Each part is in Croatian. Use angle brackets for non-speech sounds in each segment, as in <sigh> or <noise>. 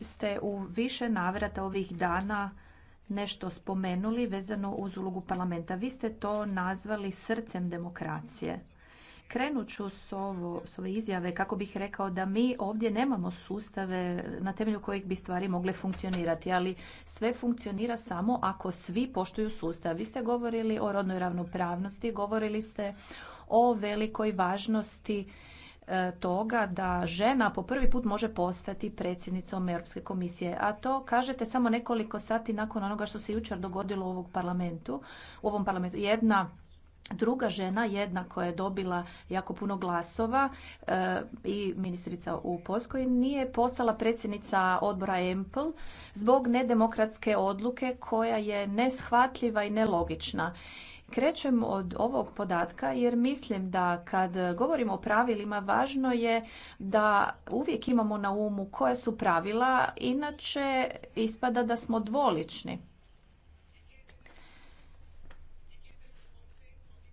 ste u više navrata ovih dana nešto spomenuli vezano uz ulogu parlamenta. Vi ste to nazvali srcem demokracije. Krenut ću s, ovo, s ove izjave kako bih rekao da mi ovdje nemamo sustave na temelju kojih bi stvari mogle funkcionirati, ali sve funkcionira samo ako svi poštuju sustav. Vi ste govorili o rodnoj ravnopravnosti, govorili ste o velikoj važnosti E, toga da žena po prvi put može postati predsjednicom Europske komisije. A to kažete samo nekoliko sati nakon onoga što se jučer dogodilo u ovom parlamentu. U ovom parlamentu jedna Druga žena, jedna koja je dobila jako puno glasova e, i ministrica u Poljskoj, nije postala predsjednica odbora EMPL zbog nedemokratske odluke koja je neshvatljiva i nelogična. Krećem od ovog podatka jer mislim da kad govorimo o pravilima važno je da uvijek imamo na umu koja su pravila, inače ispada da smo dvolični.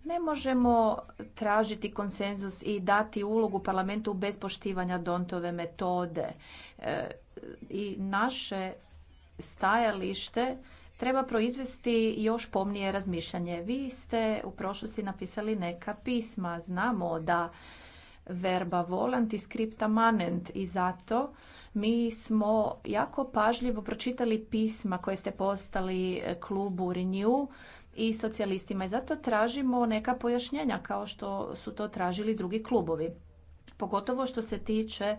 Ne možemo tražiti konsenzus i dati ulogu parlamentu bez poštivanja Dontove metode. E, I naše stajalište treba proizvesti još pomnije razmišljanje. Vi ste u prošlosti napisali neka pisma. Znamo da verba volant i skripta manent i zato mi smo jako pažljivo pročitali pisma koje ste postali klubu Renew i socijalistima i zato tražimo neka pojašnjenja kao što su to tražili drugi klubovi. Pogotovo što se tiče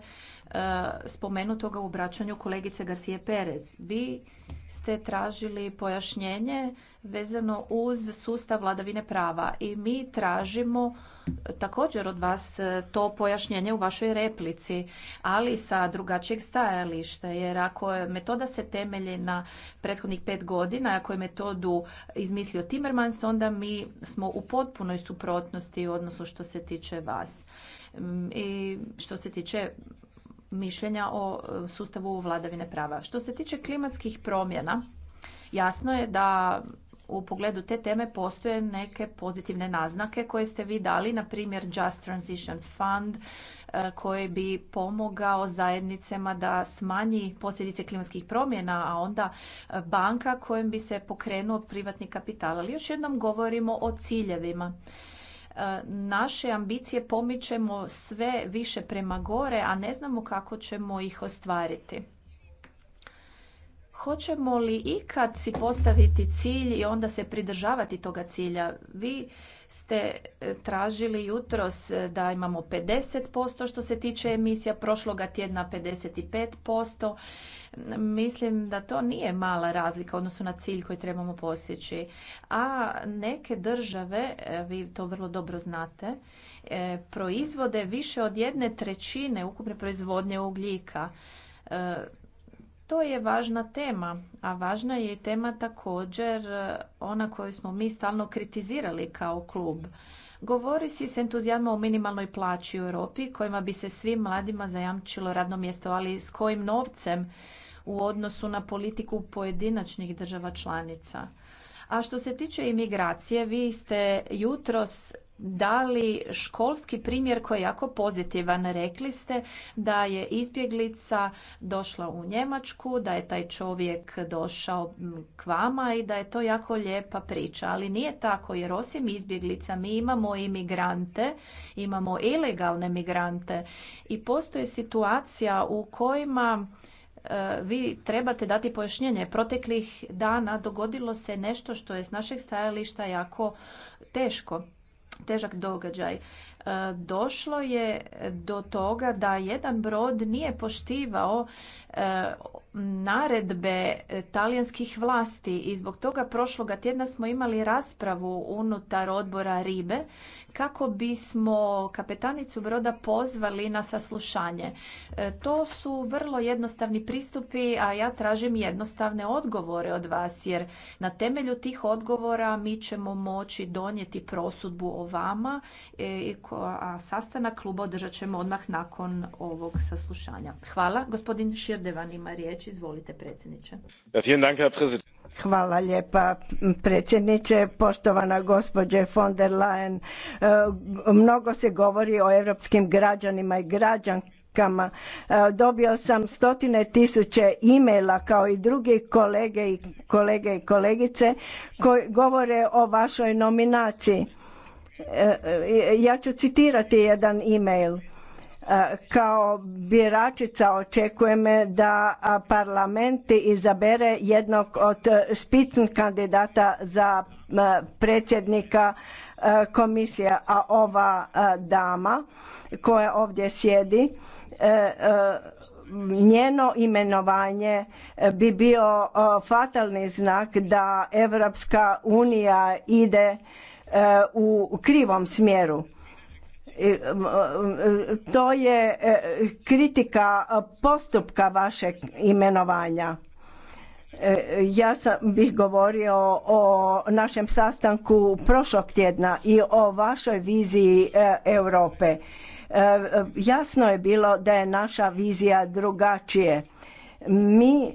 Eh, ga u obraćanju kolegice Garcije Perez. Vi ste tražili pojašnjenje vezano uz sustav vladavine prava i mi tražimo eh, također od vas eh, to pojašnjenje u vašoj replici, ali sa drugačijeg stajališta, jer ako je metoda se temelji na prethodnih pet godina, ako je metodu izmislio Timmermans, onda mi smo u potpunoj suprotnosti u odnosu što se tiče vas. Mm, I što se tiče mišljenja o e, sustavu vladavine prava. Što se tiče klimatskih promjena, jasno je da u pogledu te teme postoje neke pozitivne naznake koje ste vi dali, na primjer Just Transition Fund e, koji bi pomogao zajednicama da smanji posljedice klimatskih promjena, a onda e, banka kojem bi se pokrenuo privatni kapital. Ali još jednom govorimo o ciljevima naše ambicije pomičemo sve više prema gore, a ne znamo kako ćemo ih ostvariti. Hoćemo li ikad si postaviti cilj i onda se pridržavati toga cilja? Vi ste e, tražili jutros e, da imamo 50% što se tiče emisija, prošloga tjedna 55%. Mislim da to nije mala razlika odnosu na cilj koji trebamo postići. A neke države, e, vi to vrlo dobro znate, proizvode više od jedne trećine ukupne proizvodnje ugljika to je važna tema, a važna je i tema također e, ona koju smo mi stalno kritizirali kao klub. Govori se s entuzijazmom o minimalnoj plaći u Europi kojima bi se svim mladima zajamčilo radno mjesto, ali s kojim novcem u odnosu na politiku pojedinačnih država članica. A što se tiče imigracije, vi ste jutros da li školski primjer koji je jako pozitivan. Rekli ste da je izbjeglica došla u Njemačku, da je taj čovjek došao k vama i da je to jako lijepa priča. Ali nije tako jer osim izbjeglica mi imamo i migrante, imamo ilegalne migrante i postoje situacija u kojima e, vi trebate dati pojašnjenje. Proteklih dana dogodilo se nešto što je s našeg stajališta jako teško težak događaj. E, došlo je do toga da jedan brod nije poštivao E, naredbe talijanskih vlasti i zbog toga prošloga tjedna smo imali raspravu unutar odbora Ribe kako bismo kapetanicu broda pozvali na saslušanje. E, to su vrlo jednostavni pristupi, a ja tražim jednostavne odgovore od vas jer na temelju tih odgovora mi ćemo moći donijeti prosudbu o vama, e, a sastanak kluba održat ćemo odmah nakon ovog saslušanja. Hvala. Gospodin Šir vam ima riječ. Izvolite, predsjedniče. Hvala lijepa predsjedniče, poštovana gospođe von der Leyen. Eh, mnogo se govori o europskim građanima i građankama. Eh, dobio sam stotine tisuće e-maila kao i drugi kolege i kolege i kolegice koji govore o vašoj nominaciji. Eh, ja ću citirati jedan e-mail E, kao biračica očekujem da parlament izabere jednog od špicn kandidata za e, predsjednika e, komisije, a ova dama koja ovdje sjedi njeno imenovanje bi bio fatalni znak da Europska unija ide u krivom smjeru. To je e, kritika postupka vašeg imenovanja. E, ja sam bih govorio o našem sastanku prošlog tjedna i o vašoj viziji e, Europe. Jasno je bilo da je naša vizija drugačije. Mi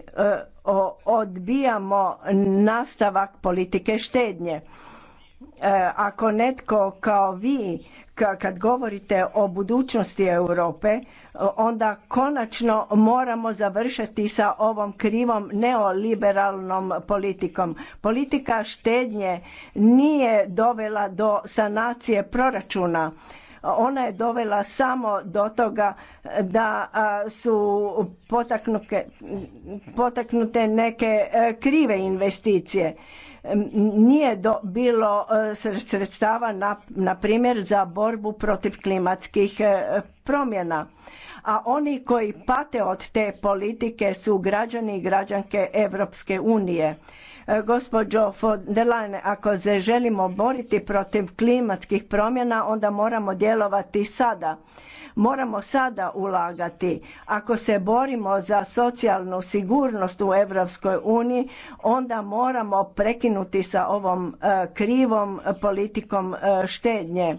odbijamo nastavak politike štednje E, ako netko kao vi kad govorite o budućnosti Europe e, onda konačno moramo završiti sa ovom krivom neoliberalnom politikom. Politika štednje nije dovela do sanacije proračuna. Ona je dovela samo do toga da su potaknute neke e, krive investicije nije do, bilo e, sredstava, na, primjer, za borbu protiv klimatskih e, promjena. A oni koji pate od te politike su građani i građanke Europske unije e, gospođo von ako se želimo boriti protiv klimatskih promjena, onda moramo djelovati sada. Moramo sada ulagati. Ako se borimo za socijalnu sigurnost u Europskoj uniji, onda moramo prekinuti sa ovom e, krivom e, politikom e, štednje.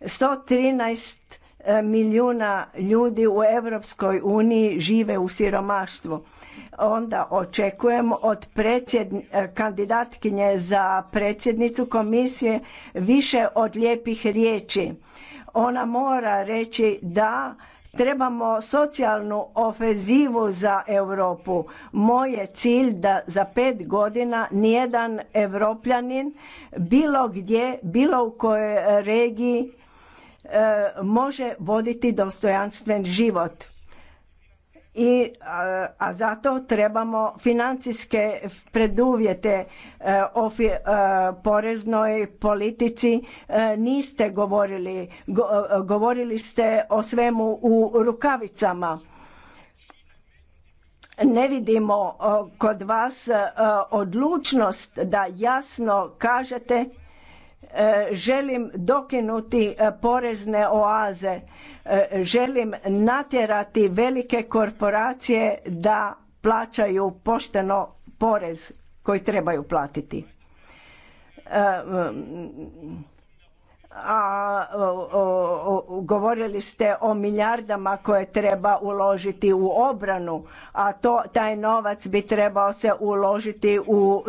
113 milijuna ljudi u Europskoj uniji žive u siromaštvu. Onda očekujemo od kandidatkinje za predsjednicu komisije više od lijepih riječi. Ona mora reći da trebamo socijalnu ofenzivu za Europu. Moj je cilj da za pet godina nijedan evropljanin bilo gdje, bilo u kojoj regiji e, može voditi dostojanstven život i a, zato trebamo financijske preduvjete e, o e, poreznoj politici e, niste govorili govorili ste o svemu u rukavicama ne vidimo kod vas odlučnost da jasno kažete E, želim dokinuti e, porezne oaze, e, želim natjerati velike korporacije da plaćaju pošteno porez koji trebaju platiti a govorili ste o milijardama koje treba uložiti u obranu, a to taj novac bi trebao se uložiti u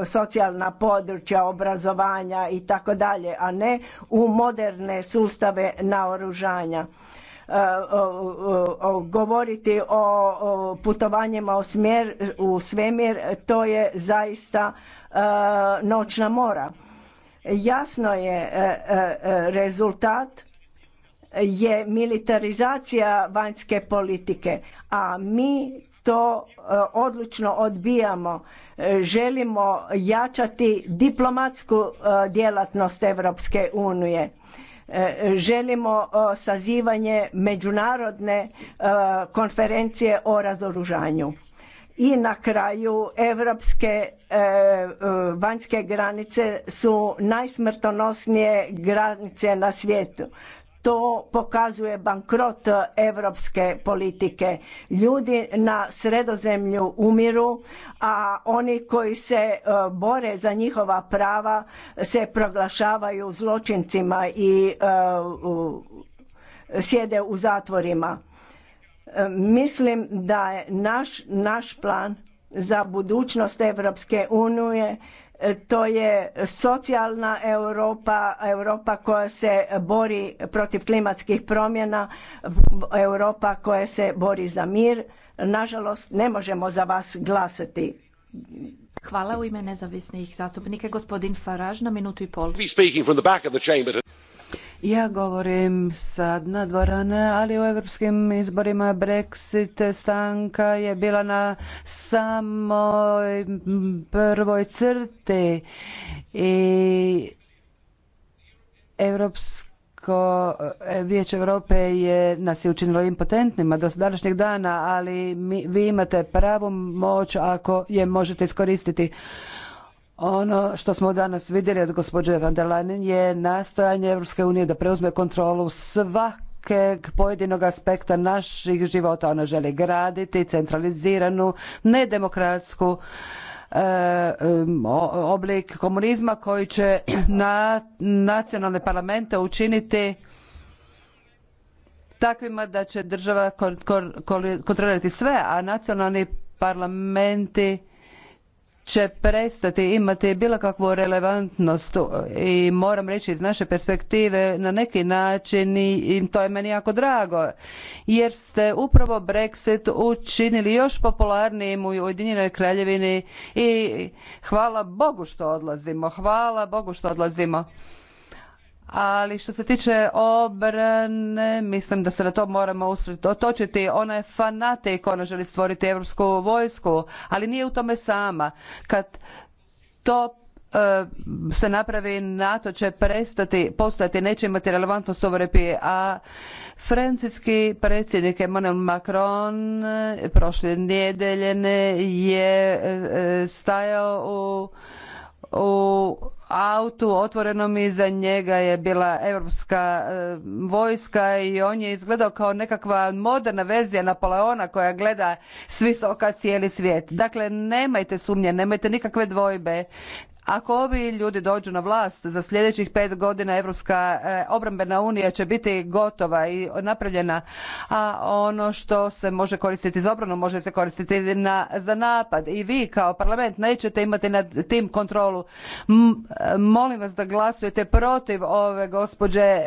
e, socijalna područja obrazovanja i tako dalje, a ne u moderne sustave naoružanja. E, govoriti o putovanjima u, svemir, to je zaista e, noćna mora Jasno je e, e, e, rezultat je militarizacija vanjske politike, a mi to odlučno odbijamo. Želimo jačati diplomatsku djelatnost Europske unije. Želimo sazivanje međunarodne konferencije o razoružanju. I na kraju evropske E, e, vanjske granice su najsmrtonosnije granice na svijetu to pokazuje bankrot europske politike. Ljudi na sredozemlju umiru, a oni koji se e, bore za njihova prava se proglašavaju zločincima i sjede u zatvorima. Mislim da je naš, naš plan za budućnost Europske unije. E, to je socijalna Europa, Europa koja se bori protiv klimatskih promjena, Europa koja se bori za mir. Nažalost, ne možemo za vas glasati. Hvala u ime nezavisnih zastupnika, gospodin Faraž na minutu i pol. Ja govorim sad na dvorane, ali u europskim izborima Brexit stanka je bila na samoj prvoj crti i Europsko e, vijeć Europe je nas je učinilo impotentnima do današnjeg dana, ali vi imate pravu moć ako je možete iskoristiti. Ono što smo danas vidjeli od gospođe van der Leyen je nastojanje Europske unije da preuzme kontrolu svakog pojedinog aspekta naših života. Ona želi graditi centraliziranu, nedemokratsku e, oblik komunizma koji će <clears throat> nacionalne parlamente učiniti takvima da će država kontrolirati sve, a nacionalni parlamenti će prestati imati bilo kakvu relevantnost i moram reći iz naše perspektive na neki način i to je meni jako drago jer ste upravo Brexit učinili još popularnijim u Ujedinjenoj kraljevini i hvala Bogu što odlazimo, hvala Bogu što odlazimo ali što se tiče obrane, mislim da se na to moramo usretočiti. Ona je fanatik, ona želi stvoriti europsku vojsku, ali nije u tome sama. Kad to e, se napravi NATO će prestati postati, neće imati relevantnost u Evropi. a francuski predsjednik Emmanuel Macron e, prošle njedeljene je e, stajao u, u autu otvorenom iza njega je bila europska e, vojska i on je izgledao kao nekakva moderna verzija Napoleona koja gleda s visoka cijeli svijet. Dakle, nemajte sumnje, nemajte nikakve dvojbe. Ako ovi ljudi dođu na vlast za sljedećih pet godina Europska e, obrambena unija će biti gotova i napravljena, a ono što se može koristiti za obranu može se koristiti za napad i vi kao parlament nećete imati nad tim kontrolu. molim vas da glasujete protiv ove gospođe. E,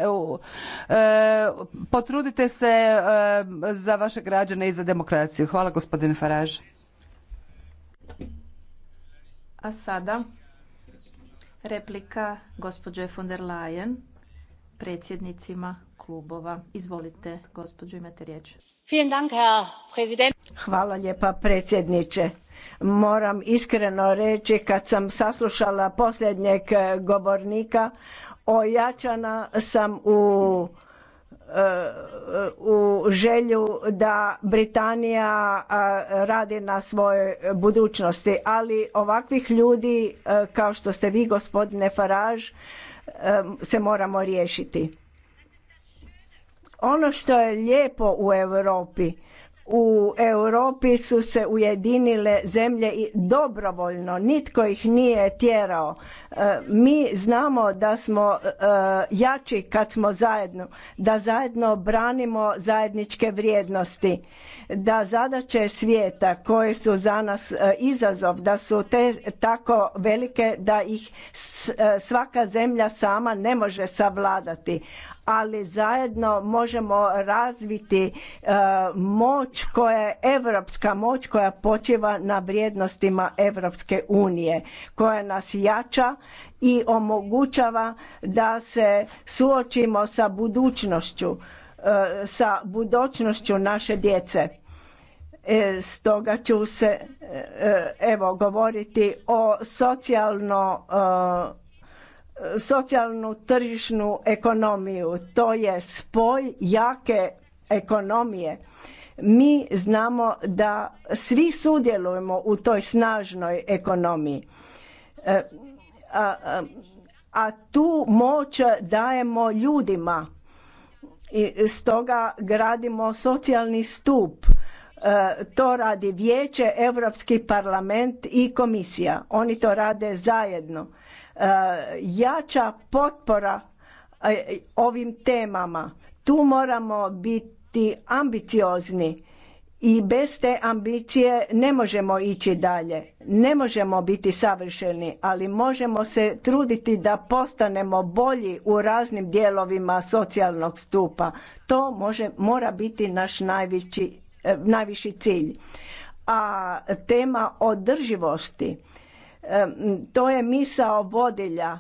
potrudite se e, za vaše građane i za demokraciju. Hvala gospodine Faraž. A sada Replika gospođe von der Leyen predsjednicima klubova. Izvolite, gospođo, imate riječ. Hvala lijepa predsjedniče. Moram iskreno reći kad sam saslušala posljednjeg govornika ojačana sam u u želju da Britanija radi na svojoj budućnosti, ali ovakvih ljudi kao što ste vi gospodine Farage se moramo riješiti. Ono što je lijepo u Europi u Europi su se ujedinile zemlje i dobrovoljno, nitko ih nije tjerao. E, mi znamo da smo e, jači kad smo zajedno, da zajedno branimo zajedničke vrijednosti, da zadaće svijeta koje su za nas e, izazov, da su te tako velike da ih svaka zemlja sama ne može savladati ali zajedno možemo razviti e, moć koja je europska moć koja počiva na vrijednostima Europske unije koja nas jača i omogućava da se suočimo sa budućnošću e, sa budućnošću naše djece. E, stoga ću se evo govoriti o socijalno socijalnu tržišnu ekonomiju. To je spoj jake ekonomije. Mi znamo da svi sudjelujemo u toj snažnoj ekonomiji. E, a, tu moć dajemo ljudima i stoga gradimo socijalni stup. E, to radi vijeće, Europski parlament i komisija. Oni to rade zajedno jača potpora e, ovim temama. Tu moramo biti ambiciozni i bez te ambicije ne možemo ići dalje. Ne možemo biti savršeni, ali možemo se truditi da postanemo bolji u raznim dijelovima socijalnog stupa. To može, mora biti naš najviši, e, najviši cilj. A tema održivosti to je misao vodilja.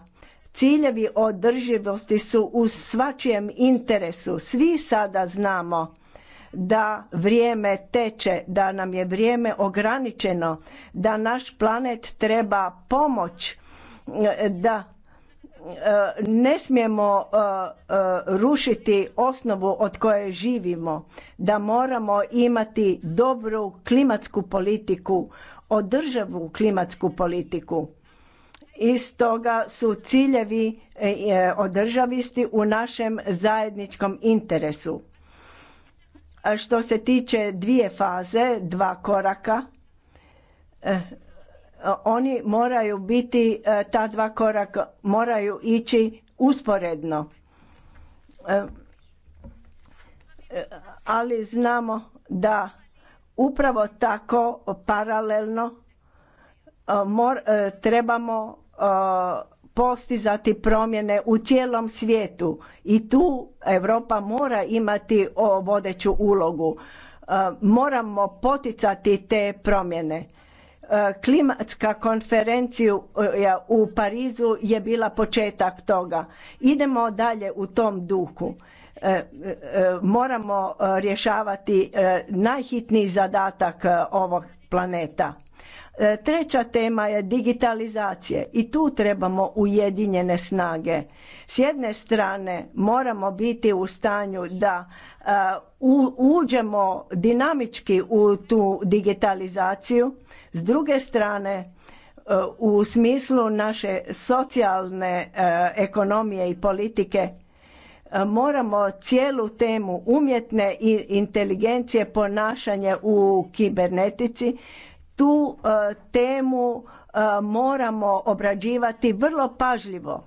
Ciljevi održivosti su u svačijem interesu. Svi sada znamo da vrijeme teče, da nam je vrijeme ograničeno, da naš planet treba pomoć, da ne smijemo rušiti osnovu od koje živimo, da moramo imati dobru klimatsku politiku održavu klimatsku politiku. I stoga su ciljevi e, e, održavisti u našem zajedničkom interesu. Što se tiče dvije faze, dva koraka, e, oni moraju biti, ta dva koraka moraju ići usporedno. Ali znamo da Upravo tako paralelno e, mor, e, trebamo e, postizati promjene u cijelom svijetu i tu Europa mora imati vodeću ulogu. Moramo poticati te promjene. Klimatska konferencija u Parizu je bila početak toga. Idemo dalje u tom duhu. E, e, moramo e, rješavati najhitniji zadatak ovog planeta. Treća tema je digitalizacije i tu trebamo ujedinjene snage. S jedne strane moramo biti u stanju da uđemo dinamički u tu digitalizaciju, s druge strane u smislu naše socijalne ekonomije i politike E, moramo cijelu temu umjetne i inteligencije ponašanje u kibernetici tu e, temu e, moramo obrađivati vrlo pažljivo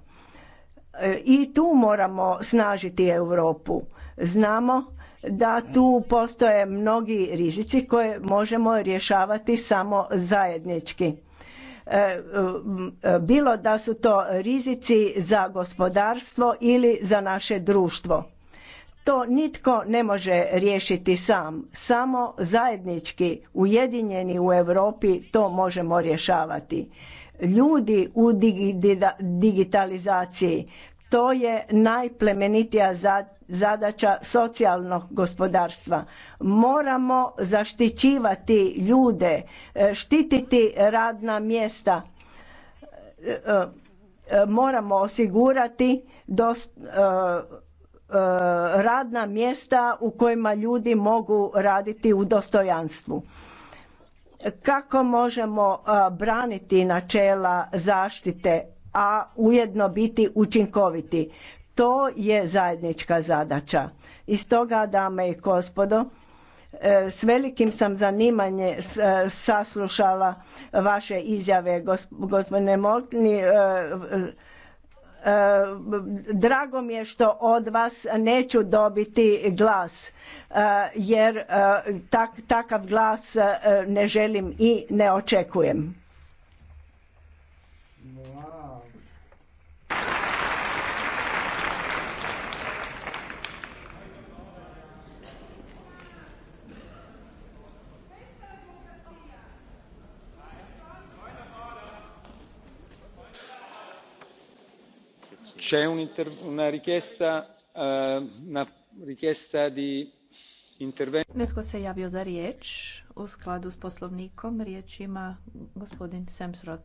i tu moramo snažiti Europu. Znamo da tu postoje mnogi rizici koje možemo rješavati samo zajednički E, bilo da su to rizici za gospodarstvo ili za naše društvo. To nitko ne može riješiti sam, samo zajednički ujedinjeni u Europi to možemo rješavati. Ljudi u digitalizaciji to je najplemenitija zadaća socijalnog gospodarstva. Moramo zaštićivati ljude, e, štititi radna mjesta. E, e, moramo osigurati dost, radna mjesta u kojima ljudi mogu raditi u dostojanstvu. Kako možemo braniti načela zaštite a ujedno biti učinkoviti. To je zajednička zadaća. I stoga, dame i gospodo, e, s velikim sam zanimanje e, saslušala vaše izjave, gospodine Moltni. E, drago mi je što od vas neću dobiti glas, jer takav glas ne želim i ne očekujem. c'è una richiesta, eh, una richiesta di Netko se javio za riječ u skladu s poslovnikom. Riječ ima gospodin Semsrod.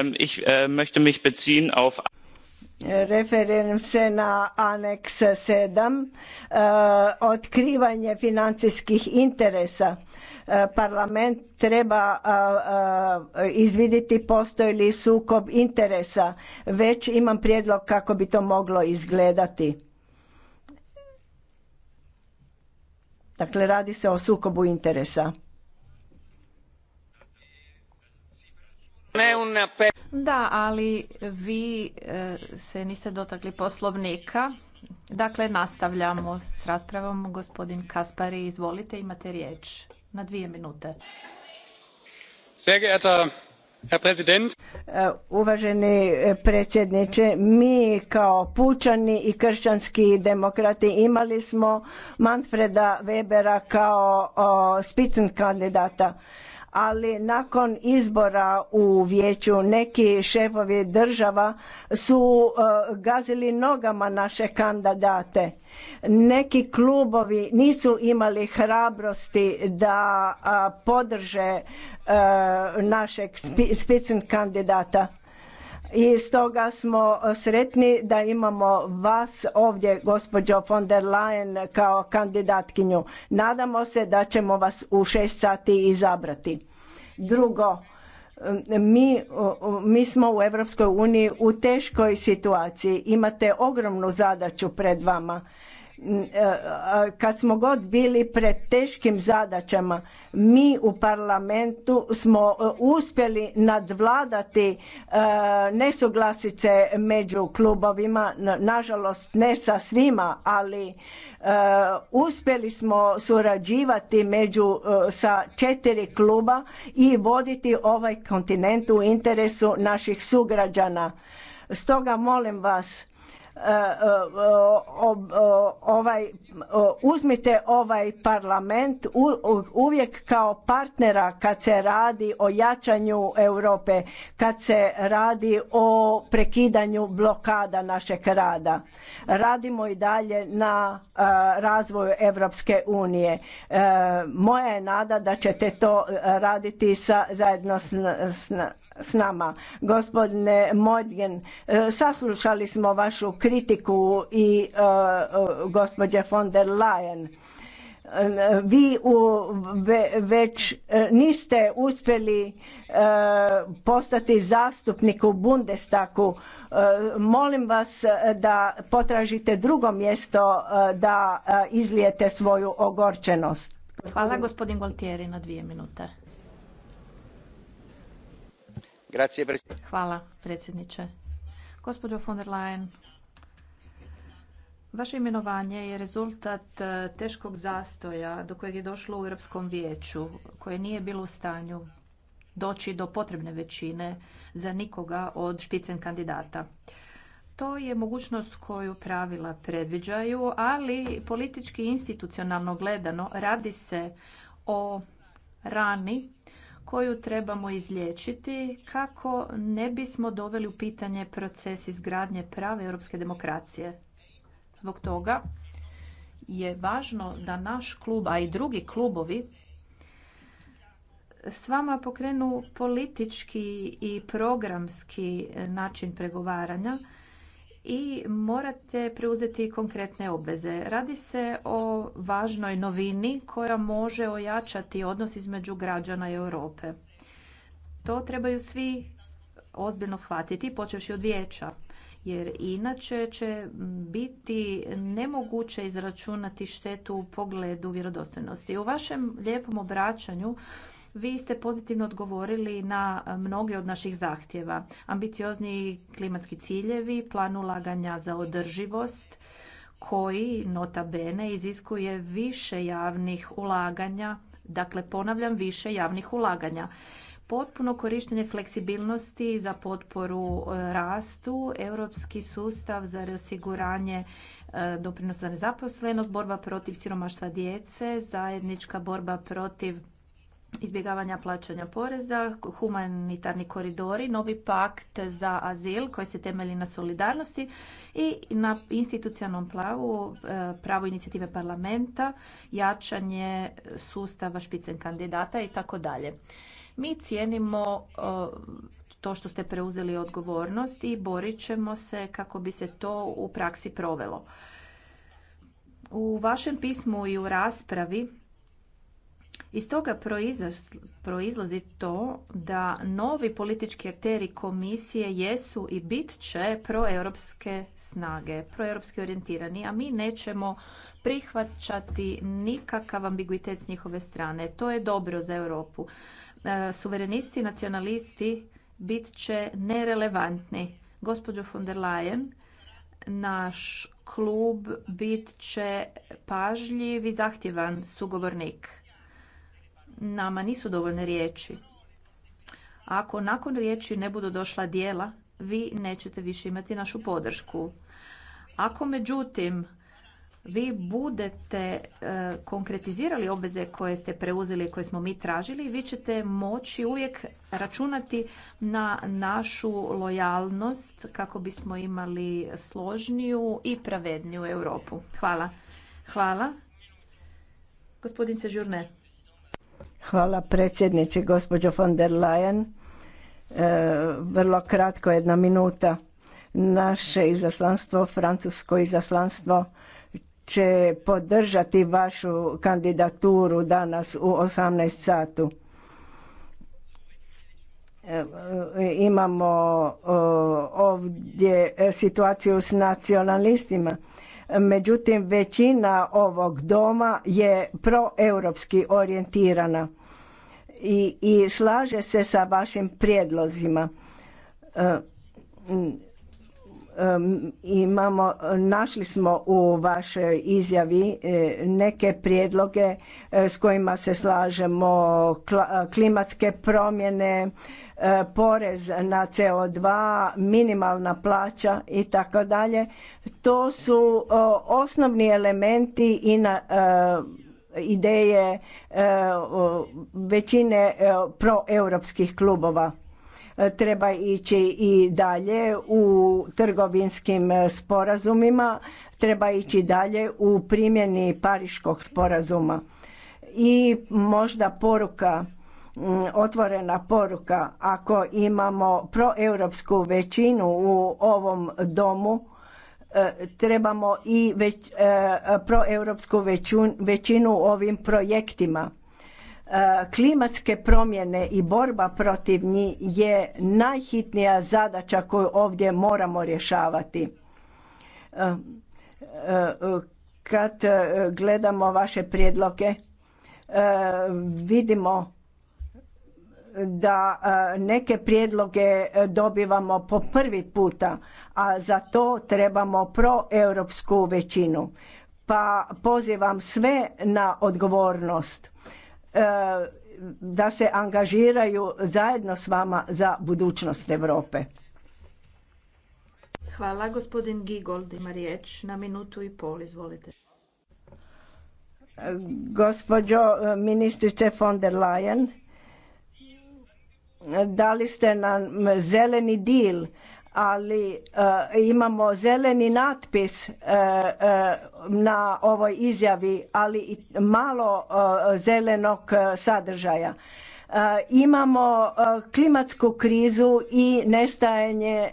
Um, ich, eh, möchte mich beziehen auf... Referiram se na aneks 7, eh, otkrivanje financijskih interesa. Parlament treba izviditi postoji li sukob interesa. Već imam prijedlog kako bi to moglo izgledati. Dakle, radi se o sukobu interesa. Da, ali vi e, se niste dotakli poslovnika. Dakle, nastavljamo s raspravom. Gospodin Kaspari, izvolite, imate riječ. E, uvaženi e, predsjedniče, mi kao pučani i kršćanski demokrati imali smo Manfreda Webera kao spitzenkandidata kandidata ali nakon izbora u vijeću neki šefovi država su e, gazili nogama naše kandidate neki klubovi nisu imali hrabrosti da podrže e, našeg spicen kandidata. I stoga smo sretni da imamo vas ovdje, gospođo von der Leyen, kao kandidatkinju. Nadamo se da ćemo vas u šest sati izabrati. Drugo, mi, smo u Europskoj uniji u teškoj situaciji. Imate ogromnu zadaću pred vama. E, kad smo god bili pred teškim zadaćama mi u parlamentu smo e, uspjeli nadvladati e, nesuglasice među klubovima nažalost ne sa svima ali uspjeli smo surađivati među sa četiri kluba i voditi ovaj kontinent u interesu naših sugrađana stoga molim vas ovaj uzmite ovaj parlament uvijek kao partnera kad se radi o jačanju Europe, kad se radi o prekidanju blokada našeg rada. Radimo i dalje na e, razvoju Europske unije. E, moja je nada da ćete to e, raditi sa, zajedno s, s s nama. Gospodine Modjen, e, saslušali smo vašu kritiku i e, e, gospođe von der Leyen. Vi u već niste uspjeli postati zastupnik u Bundestagu. Molim vas da potražite drugo mjesto da izlijete svoju ogorčenost. Hvala gospodin Gualtieri na dvije minute. Hvala, predsjedniče. Gospođo von der Leyen, vaše imenovanje je rezultat e, teškog zastoja do kojeg je došlo u Europskom vijeću, koje nije bilo u stanju doći do potrebne većine za nikoga od špicen kandidata. To je mogućnost koju pravila predviđaju, ali politički institucionalno gledano radi se o rani koju trebamo izliječiti kako ne bismo doveli u pitanje proces izgradnje prave europske demokracije. Zbog toga je važno da naš klub, a i drugi klubovi, s vama pokrenu politički i programski način pregovaranja i morate preuzeti konkretne obveze. Radi se o važnoj novini koja može ojačati odnos između građana i Europe. To trebaju svi ozbiljno shvatiti, počevši od vijeća jer inače će biti nemoguće izračunati štetu u pogledu vjerodostojnosti. U vašem lijepom obraćanju vi ste pozitivno odgovorili na e, mnoge od naših zahtjeva. Ambiciozni klimatski ciljevi, plan ulaganja za održivost, koji nota bene iziskuje više javnih ulaganja, dakle ponavljam više javnih ulaganja. Potpuno korištenje fleksibilnosti za potporu e, rastu, europski sustav za reosiguranje e, doprinosa nezaposlenost, borba protiv siromaštva djece, zajednička borba protiv izbjegavanja plaćanja poreza, humanitarni koridori, novi pakt za azil koji se temelji na solidarnosti i na institucionalnom pravu, e, pravo inicijative parlamenta, jačanje sustava špicen kandidata i tako dalje. Mi cijenimo e, to što ste preuzeli odgovornost i borit ćemo se kako bi se to u praksi provelo. U vašem pismu i u raspravi iz toga proizlazi to da novi politički akteri komisije jesu i bit će proeuropske snage, proeuropski orijentirani, a mi nećemo prihvaćati nikakav ambiguitet s njihove strane. To je dobro za Europu. E, suverenisti, nacionalisti bit će nerelevantni. Gospođo von der Leyen, naš klub bit će pažljiv i zahtjevan sugovornik nama nisu dovoljne riječi. Ako nakon riječi ne budu došla dijela, vi nećete više imati našu podršku. Ako međutim vi budete e, konkretizirali obveze koje ste preuzeli, i koje smo mi tražili, vi ćete moći uvijek računati na našu lojalnost kako bismo imali složniju i pravedniju Europu. Hvala. Hvala. Gospodin Sežurne. Hvala predsjedniče, gospođo von der Leyen. E, vrlo kratko, jedna minuta. Naše izaslanstvo, francusko izaslanstvo, će podržati vašu kandidaturu danas u 18 satu. E, e, imamo ovdje situaciju s nacionalistima Međutim, većina ovog doma je proeuropski orijentirana i, i slaže se sa vašim prijedlozima. E, e, imamo, našli smo u vašoj izjavi e, neke prijedloge s kojima se slažemo klimatske promjene, E, porez na CO2, minimalna plaća i tako dalje. To su osnovni elementi i e, ideje e, većine proeuropskih klubova. Treba ići i dalje u trgovinskim sporazumima, treba ići dalje u primjeni Pariškog sporazuma. I možda poruka otvorena poruka ako imamo proeuropsku većinu u ovom domu e, trebamo i već, e, proeuropsku većinu u ovim projektima e, klimatske promjene i borba protiv njih je najhitnija zadaća koju ovdje moramo rješavati kad gledamo vaše prijedloge vidimo da e, neke prijedloge e, dobivamo po prvi puta, a za to trebamo proeuropsku većinu. Pa pozivam sve na odgovornost e, da se angažiraju zajedno s vama za budućnost Europe. Hvala. Gospodin Gigold ima riječ na minutu i pol. Izvolite. Gospođo ministrice von der Leyen, dali ste nam zeleni dil, ali eh, imamo zeleni natpis eh, eh, na ovoj izjavi, ali i malo zelenog sadržaja. Imamo klimatsku krizu i nestajanje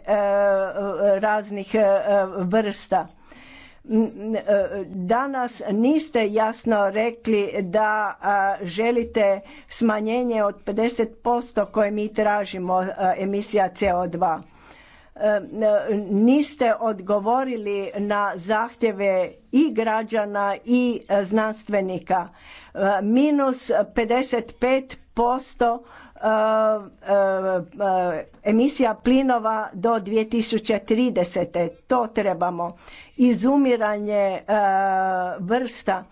raznih vrsta E, danas niste jasno rekli da želite smanjenje od 50% koje mi tražimo emisija CO2. E, niste odgovorili na zahtjeve i građana i znanstvenika. E, minus 55% emisija plinova do 2030. To trebamo izumiranje e, vrsta.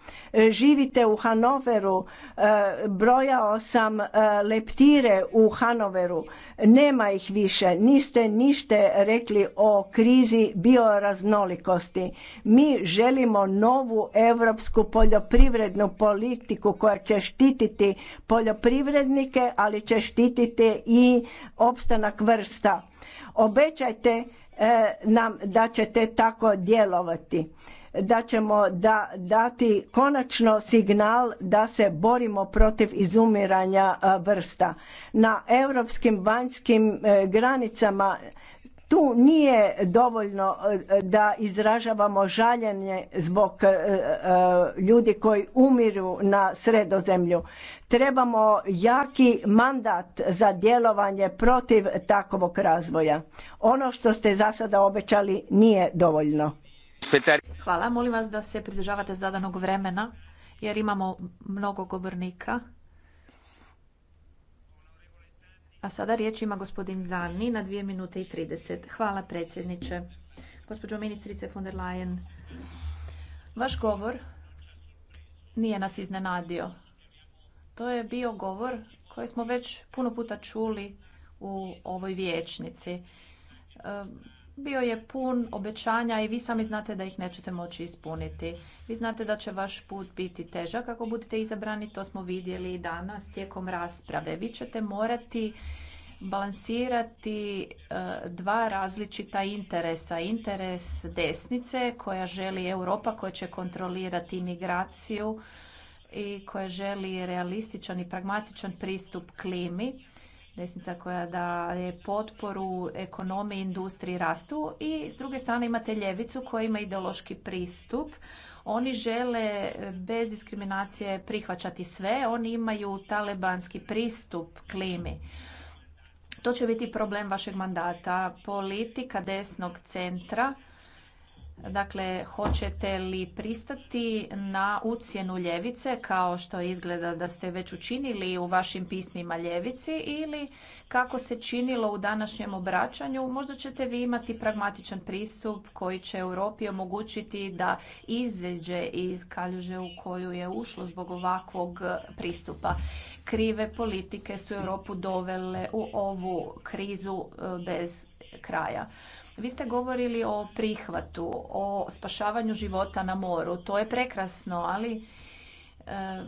Živite u Hanoveru, e, brojao sam e, leptire u Hanoveru, nema ih više, niste ništa rekli o krizi bioraznolikosti. Mi želimo novu europsku poljoprivrednu politiku koja će štititi poljoprivrednike, ali će štititi i opstanak vrsta. Obećajte E, nam da te tako djelovati da ćemo da, dati konačno signal da se borimo protiv izumiranja e, vrsta. Na europskim vanjskim e, granicama tu nije dovoljno e, e, da izražavamo žaljenje zbog e, ljudi koji umiru na sredozemlju. Trebamo jaki mandat za djelovanje protiv takvog razvoja. Ono što ste za sada obećali nije dovoljno. Hvala, molim vas da se pridržavate zadanog vremena jer imamo mnogo govornika. A sada riječ ima gospodin Zalni na dvije minute i trideset. Hvala predsjedniče. Gospođo ministrice von der Leyen, vaš govor nije nas iznenadio. To je bio govor koji smo već puno puta čuli u ovoj vijećnici bio je pun obećanja i vi sami znate da ih nećete moći ispuniti. Vi znate da će vaš put biti težak ako budete izabrani, to smo vidjeli i danas tijekom rasprave. Vi ćete morati balansirati e, dva različita interesa. Interes desnice koja želi Europa koja će kontrolirati imigraciju i koja želi realističan i pragmatičan pristup klimi desnica koja daje potporu ekonomiji, industriji, rastu i s druge strane imate ljevicu koja ima ideološki pristup. Oni žele bez diskriminacije prihvaćati sve, oni imaju talebanski pristup klimi. To će biti problem vašeg mandata. Politika desnog centra Dakle, hoćete li pristati na ucjenu ljevice kao što izgleda da ste već učinili u vašim pismima ljevici ili kako se činilo u današnjem obraćanju, možda ćete vi imati pragmatičan pristup koji će Europi omogućiti da izeđe iz kaljuže u koju je ušlo zbog ovakvog pristupa. Krive politike su Europu dovele u ovu krizu e, bez kraja. Vi ste govorili o prihvatu, o spašavanju života na moru. To je prekrasno, ali e,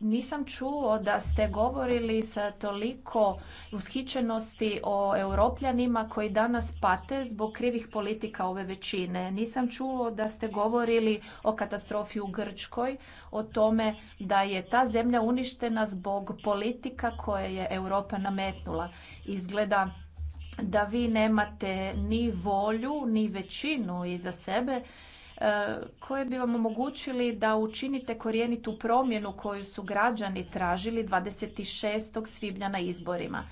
nisam čuo da ste govorili sa toliko ushićenosti o europljanima koji danas pate zbog krivih politika ove većine. Nisam čuo da ste govorili o katastrofi u Grčkoj, o tome da je ta zemlja uništena zbog politika koje je Europa nametnula. Izgleda da vi nemate ni volju ni većinu iza sebe e, koje bi vam omogućili da učinite korijenitu promjenu koju su građani tražili 26. svibnja na izborima.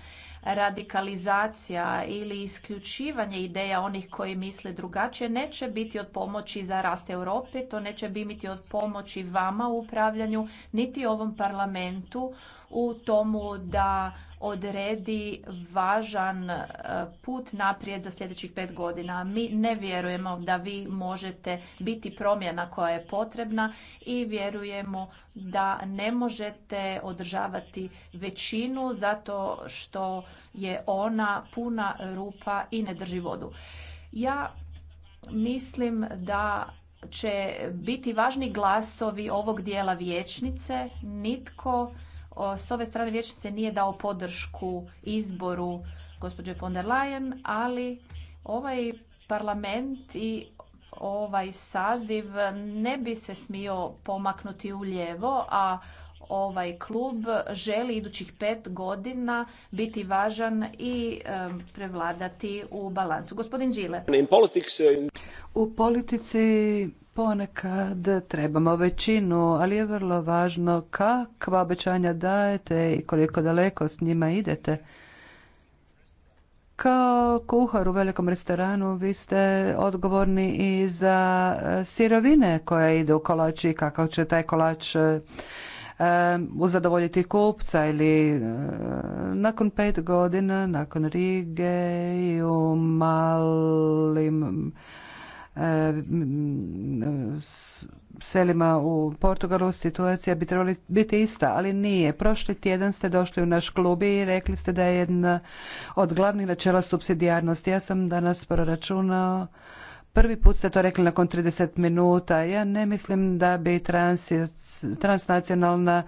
Radikalizacija ili isključivanje ideja onih koji misle drugačije neće biti od pomoći za rast Europe, to neće biti od pomoći vama u upravljanju, niti ovom parlamentu u tomu da odredi važan e, put naprijed za sljedećih pet godina. Mi ne vjerujemo da vi možete biti promjena koja je potrebna i vjerujemo da ne možete održavati većinu zato što je ona puna rupa i ne drži vodu. Ja mislim da će biti važni glasovi ovog dijela vijećnice. Nitko s ove strane vijećnice nije dao podršku izboru gospođe von der Leyen, ali ovaj parlament i ovaj saziv ne bi se smio pomaknuti u lijevo, a ovaj klub želi idućih pet godina biti važan i prevladati u balansu. Gospodin Žile. Uh, u politici Ponekad trebamo većinu, ali je vrlo važno kakva obećanja dajete i koliko daleko s njima idete. Kao kuhar u velikom restoranu vi ste odgovorni i za e, sirovine koje ide u kolač i kakav će taj kolač e, e, uzadovoljiti kupca ili nakon pet godina, nakon Rige i u malim E, selima u Portugalu situacija bi trebala biti ista, ali nije. Prošli tjedan ste došli u naš klub i rekli ste da je jedna od glavnih načela subsidijarnosti. Ja sam danas proračunao Prvi put ste to rekli nakon 30 minuta. Ja ne mislim da bi transnacionalna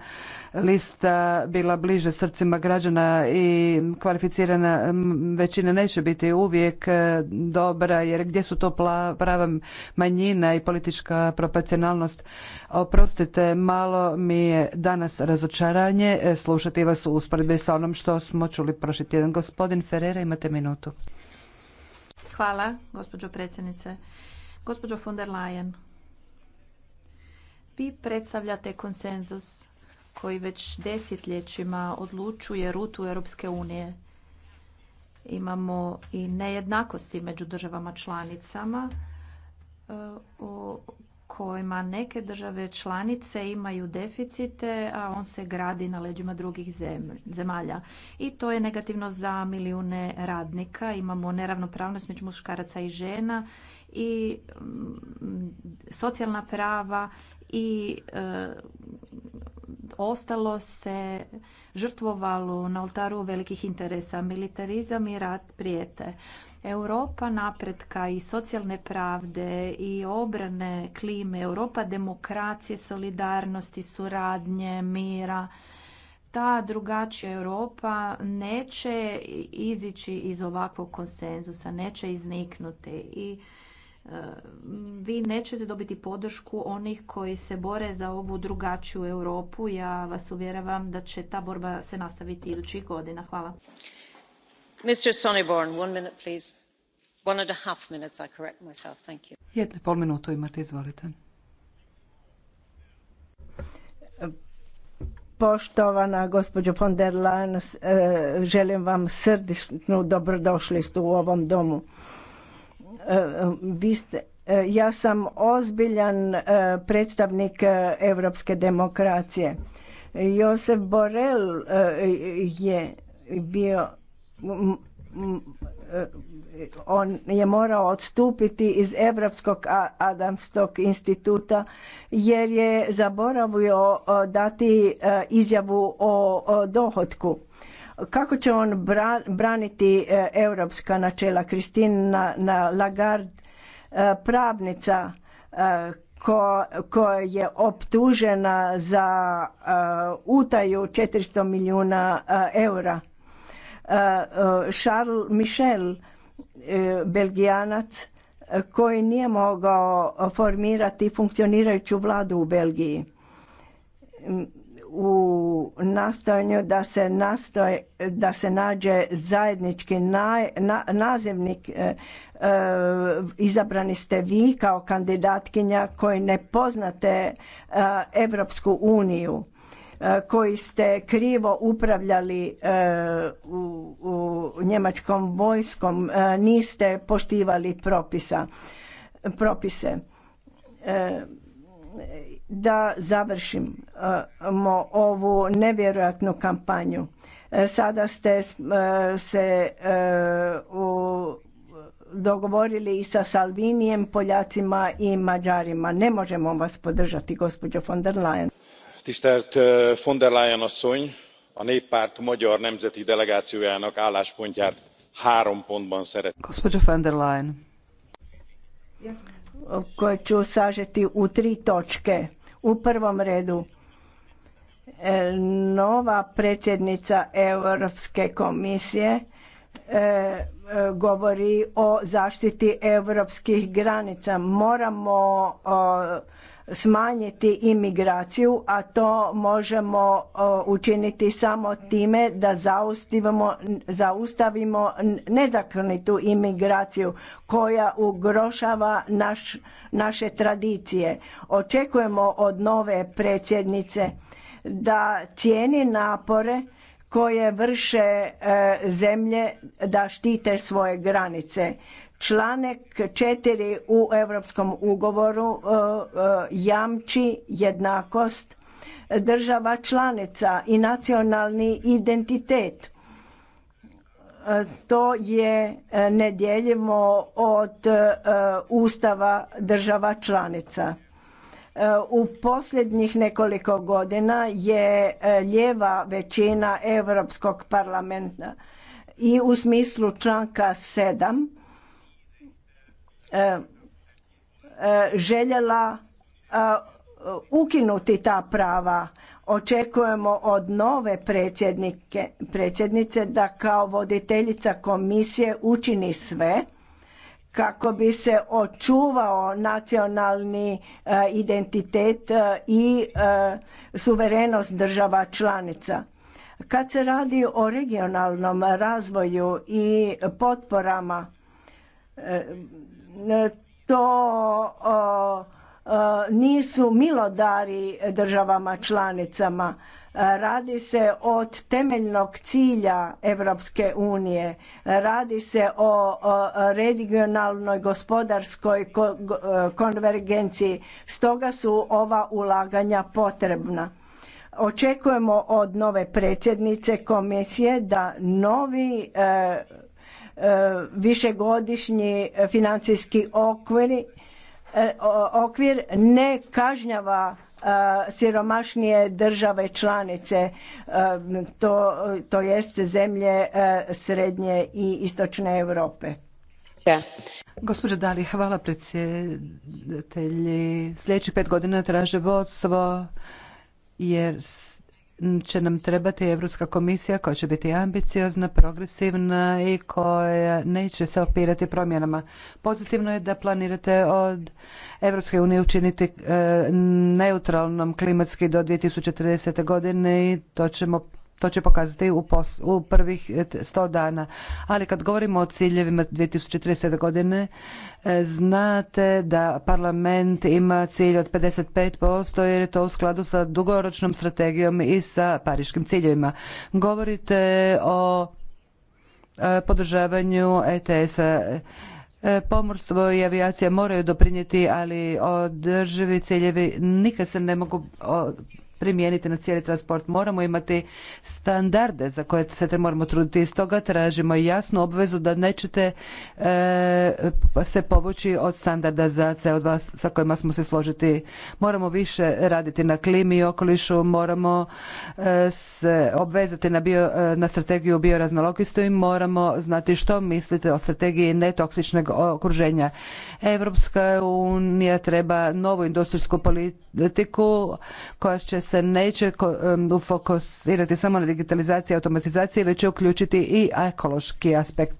lista bila bliže srcima građana i kvalificirana većina neće biti uvijek e, dobra jer gdje su to prava manjina i politička proporcionalnost. Oprostite, malo mi je danas razočaranje e, slušati vas u usporedbi sa onom što smo čuli prošli tjedan. Gospodin Ferreira, imate minutu. Hvala, gospođo predsjednice. Gospođo von der Leyen, vi predstavljate konsenzus koji već desetljećima odlučuje rutu Europske unije. Imamo i nejednakosti među državama članicama, eh, kojima neke države članice imaju deficite, a on se gradi na leđima drugih zemalja. I to je negativno za milijune radnika. Imamo neravnopravnost među muškaraca i žena i mm, socijalna prava i e, ostalo se žrtvovalo na oltaru velikih interesa. Militarizam i rat prijete. Europa napretka i socijalne pravde i obrane klime, Europa demokracije, solidarnosti, suradnje, mira. Ta drugačija Europa neće izići iz ovakvog konsenzusa, neće izniknuti i e, vi nećete dobiti podršku onih koji se bore za ovu drugačiju Europu. Ja vas uvjeravam da će ta borba se nastaviti idućih godina. Hvala. Jednu pol minutu imate, izvolite. Poštovana gospođo von der Leyen, e, želim vam srdišnu dobrodošlicu u ovom domu. E, vi ste, e, ja sam ozbiljan predstavnik europske demokracije. Josef Borel je bio E, on je morao odstupiti iz Europskog Adamskog instituta jer je zaboravio dati e, izjavu o dohodku. Kako će on braniti e, europska načela? Kristina Lagarde, pravnica koja je optužena za utaju 400 milijuna eura Charles Michel, eh, belgijanac, eh, koji nije mogao formirati funkcionirajuću vladu u Belgiji mm, u nastojanju da se nastoje da se nađe zajednički nazivnik eh, izabrani ste vi kao kandidatkinja koji ne poznate e, Europsku uniju koji ste krivo upravljali e, u, njemačkom vojskom, e, niste poštivali propisa, propise. E, da završimo ovu nevjerojatnu kampanju. Sada ste se dogovorili i sa Salvinijem, Poljacima i Mađarima. Ne možemo vas podržati, gospođo von der Leyen tisztelt von der leyen asszony! a néppárt magyar nemzeti delegációjának álláspontját három pontban szeretném. koje ću sažeti u tri točke. U prvom redu nova predsjednica Europske komisije govori o zaštiti europskih granica. Moramo smanjiti imigraciju, a to možemo učiniti samo time da zaustavimo nezakonitu imigraciju koja ugrošava naš, naše tradicije. Očekujemo od nove predsjednice da cijeni napore koje vrše e, zemlje da štite svoje granice Članek 4 u Europskom ugovoru e, e, jamči jednakost država članica i nacionalni identitet. E, to je nedjeljivo od ustava država članica. U posljednjih nekoliko godina je lijeva većina Europskog parlamenta i u smislu članka 7 Eh, eh, željela eh, ukinuti ta prava. Očekujemo od nove predsjednice da kao voditeljica komisije učini sve kako bi se očuvao nacionalni identitet i suverenost država članica. Kad se radi o regionalnom razvoju i potporama E, to nisu milodari državama članicama. E, radi se od temeljnog cilja Europske unije. Radi se o regionalnoj gospodarskoj e, konvergenciji. Stoga su ova ulaganja potrebna. Očekujemo od nove predsjednice komisije da novi E, višegodišnji financijski okvir, e, okvir ne kažnjava e, siromašnije države članice, to, to jest zemlje srednje i istočne Europe. Ja. Gospođo Dali, hvala predsjedatelji. Sljedećih pet godina traže vodstvo jer će nam trebati Europska komisija koja će biti ambiciozna, progresivna i koja neće se opirati promjenama. Pozitivno je da planirate od Europske unije učiniti e, neutralnom klimatski do 2030. godine i to ćemo to će pokazati u, u prvih e, sto dana. Ali kad govorimo o ciljevima 2030. godine, e, znate da parlament ima cilj od 55% jer je to u skladu sa dugoročnom strategijom i sa pariškim ciljevima. Govorite o e, podržavanju ETS-a pomorstvo i avijacija moraju doprinijeti, ali održivi ciljevi nikad se ne mogu primijeniti na cijeli transport. Moramo imati standarde za koje se moramo truditi. Stoga tražimo jasnu obvezu da nećete e, se povući od standarda za CO2 sa kojima smo se složiti. Moramo više raditi na klimi i okolišu, moramo e, se obvezati na, bio, e, na strategiju bioraznolikosti i moramo znati što mislite o strategiji netoksičnog okruženja. Europska unija treba novu industrijsku politiku koja će se neće fokusirati samo na digitalizaciju i automatizaciju, već će uključiti i ekološki aspekt.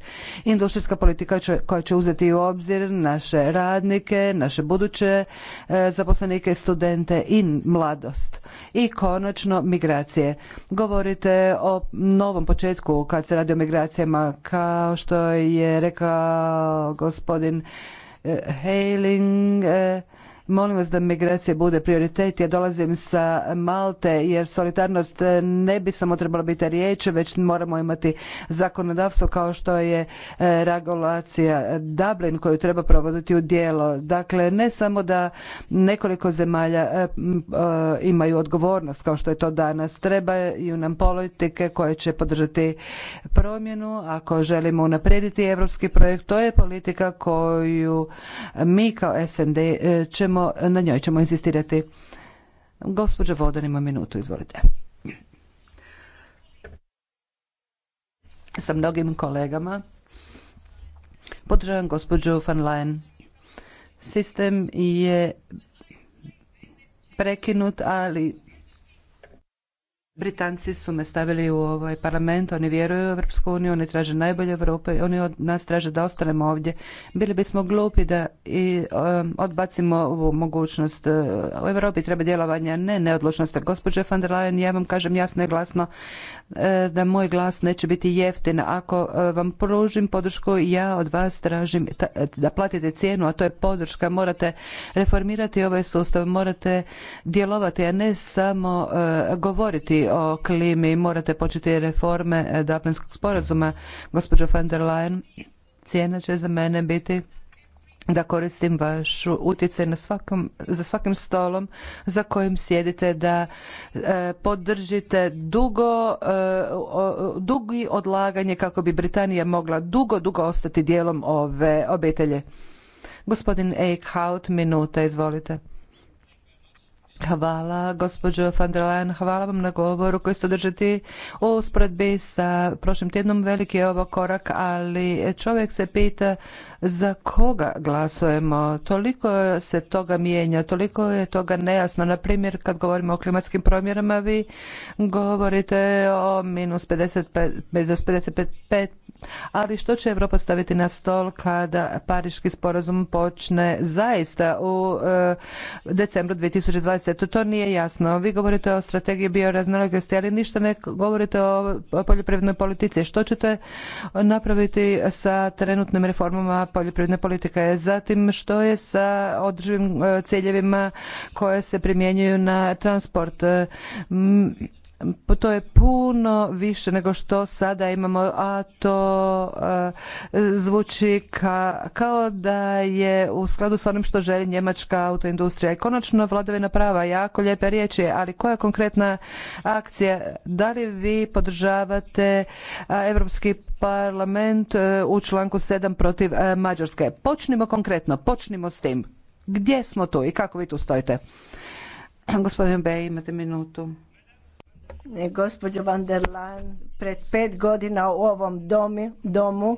Industrijska politika koja će uzeti u obzir naše radnike, naše buduće e, zaposlenike, studente i mladost. I konačno migracije. Govorite o novom početku kad se radi o migracijama, kao što je rekao gospodin e, Hailing, e, Molim vas da migracija bude prioritet. Ja dolazim sa Malte jer solidarnost ne bi samo trebala biti riječ, već moramo imati zakonodavstvo kao što je e, regulacija Dublin koju treba provoditi u djelo. Dakle, ne samo da nekoliko zemalja e, e, imaju odgovornost kao što je to danas. Trebaju nam politike koje će podržati promjenu ako želimo unaprijediti europski projekt. To je politika koju mi kao SND ćemo ćemo, na njoj ćemo insistirati. Gospođa Vodan ima minutu, izvolite. Sa mnogim kolegama podržavam gospođu van Leyen. Sistem je prekinut, ali Britanci su me stavili u ovaj parlament, oni vjeruju u Europsku uniju, oni traže najbolje Europe, oni od nas traže da ostanemo ovdje. Bili bismo glupi da i odbacimo ovu mogućnost. E, u Europi treba djelovanja, ne neodlučnost. Gospođo van der Leyen, ja vam kažem jasno i glasno e, da moj glas neće biti jeftin. Ako e, vam pružim podršku, ja od vas tražim da platite cijenu, a to je podrška. Morate reformirati ovaj sustav, morate djelovati, a ne samo govoriti o klimi, morate početi reforme e, Dublinskog sporazuma. Gospođo van der Leyen, cijena će za mene biti da koristim vašu utjecaj na svakom, za svakim stolom za kojim sjedite da e, podržite dugo e, dugi odlaganje kako bi Britanija mogla dugo dugo ostati dijelom ove obitelje. Gospodin Eichhout, minuta, izvolite. Hvala gospođo van der Leyen, hvala vam na govoru koji ste držati u usporedbi sa prošlim tjednom. Veliki je ovo korak, ali čovjek se pita za koga glasujemo. Toliko se toga mijenja, toliko je toga nejasno. Na primjer, kad govorimo o klimatskim promjerama, vi govorite o minus 55, 55 ali što će Europa staviti na stol kada Pariški sporazum počne zaista u e, decembru 2020. To nije jasno. Vi govorite o strategiji bioraznolikosti, ali ništa ne govorite o poljoprivrednoj politici. Što ćete napraviti sa trenutnim reformama poljoprivredna politika je. Zatim što je sa održivim e, ciljevima koje se primjenjuju na transport? to je puno više nego što sada imamo, a to e, zvuči ka, kao da je u skladu s onim što želi njemačka autoindustrija. I konačno vladavina prava, jako lijepe riječi, ali koja konkretna akcija? Da li vi podržavate Europski parlament e, u članku 7 protiv e, Mađarske? Počnimo konkretno, počnimo s tim. Gdje smo tu i kako vi tu stojite? Gospodin B, imate minutu. Gospođo van der Leyen, pred pet godina u ovom domu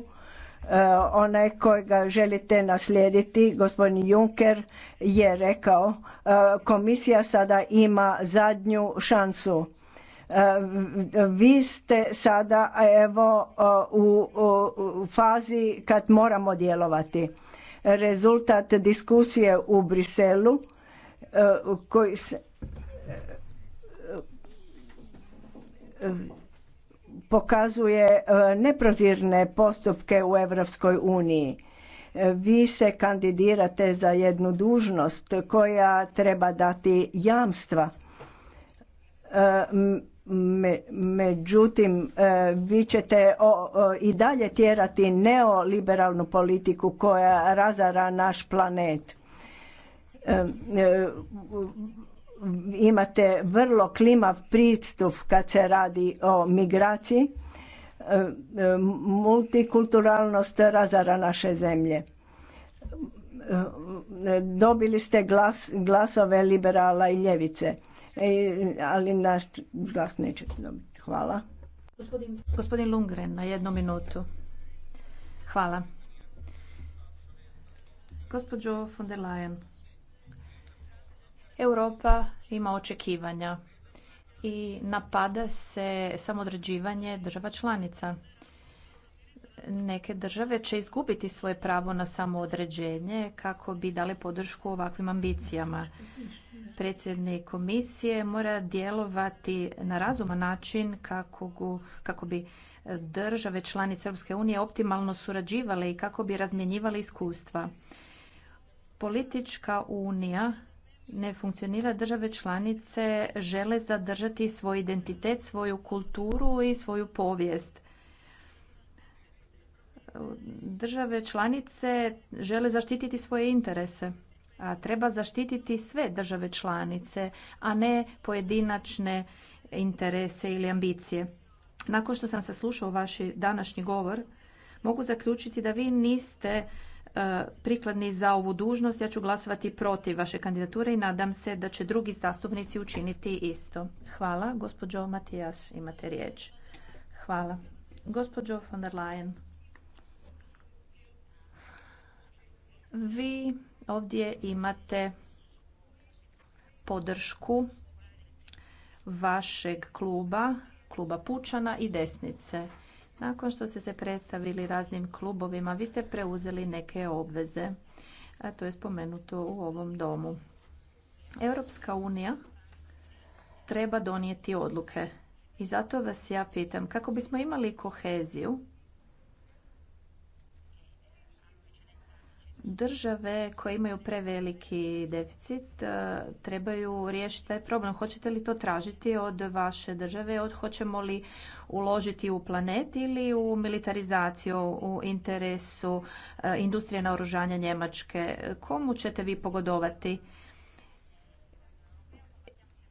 e, onaj kojega želite naslijediti, gospodin Juncker je rekao e, komisija sada ima zadnju šansu. E, vi ste sada evo u, fazi kad moramo djelovati. Rezultat diskusije u Briselu koji se pokazuje e, neprozirne postupke u Europskoj uniji. E, vi se kandidirate za jednu dužnost koja treba dati jamstva. E, međutim, vi ćete i dalje tjerati neoliberalnu politiku koja razara naš planet imate vrlo klimav pristup kad se radi o migraciji. E, e, Multikulturalnost razara naše zemlje. E, dobili ste glas, glasove liberala i ljevice, ali naš glas nećete dobiti. Hvala. Gospodin, gospodin na jednu minutu. Hvala. Gospođo von der Leyen, Europa ima očekivanja i napada se samodređivanje država članica. Neke države će izgubiti svoje pravo na samoodređenje kako bi dale podršku ovakvim ambicijama. Predsjednik komisije mora djelovati na razuman način kako, kako bi države članice Europske unije optimalno surađivale i kako bi razmjenjivale iskustva. Politička unija ne funkcionira, države članice žele zadržati svoj identitet, svoju kulturu i svoju povijest. Države članice žele zaštititi svoje interese, a treba zaštititi sve države članice, a ne pojedinačne interese ili ambicije. Nakon što sam saslušao vaš današnji govor, mogu zaključiti da vi niste prikladni za ovu dužnost, ja ću glasovati protiv vaše kandidature i nadam se da će drugi zastupnici učiniti isto. Hvala. Gospođo Matijaš, imate riječ. Hvala. Gospođo von der Leyen, vi ovdje imate podršku vašeg kluba, kluba Pučana i desnice nakon što ste se predstavili raznim klubovima, vi ste preuzeli neke obveze, a to je spomenuto u ovom domu. Europska unija treba donijeti odluke i zato vas ja pitam kako bismo imali koheziju Države koje imaju preveliki deficit e, trebaju riješiti taj problem. Hoćete li to tražiti od vaše države? hoćemo li uložiti u planet ili u militarizaciju u interesu e, industrije naoružanja Njemačke? Komu ćete vi pogodovati?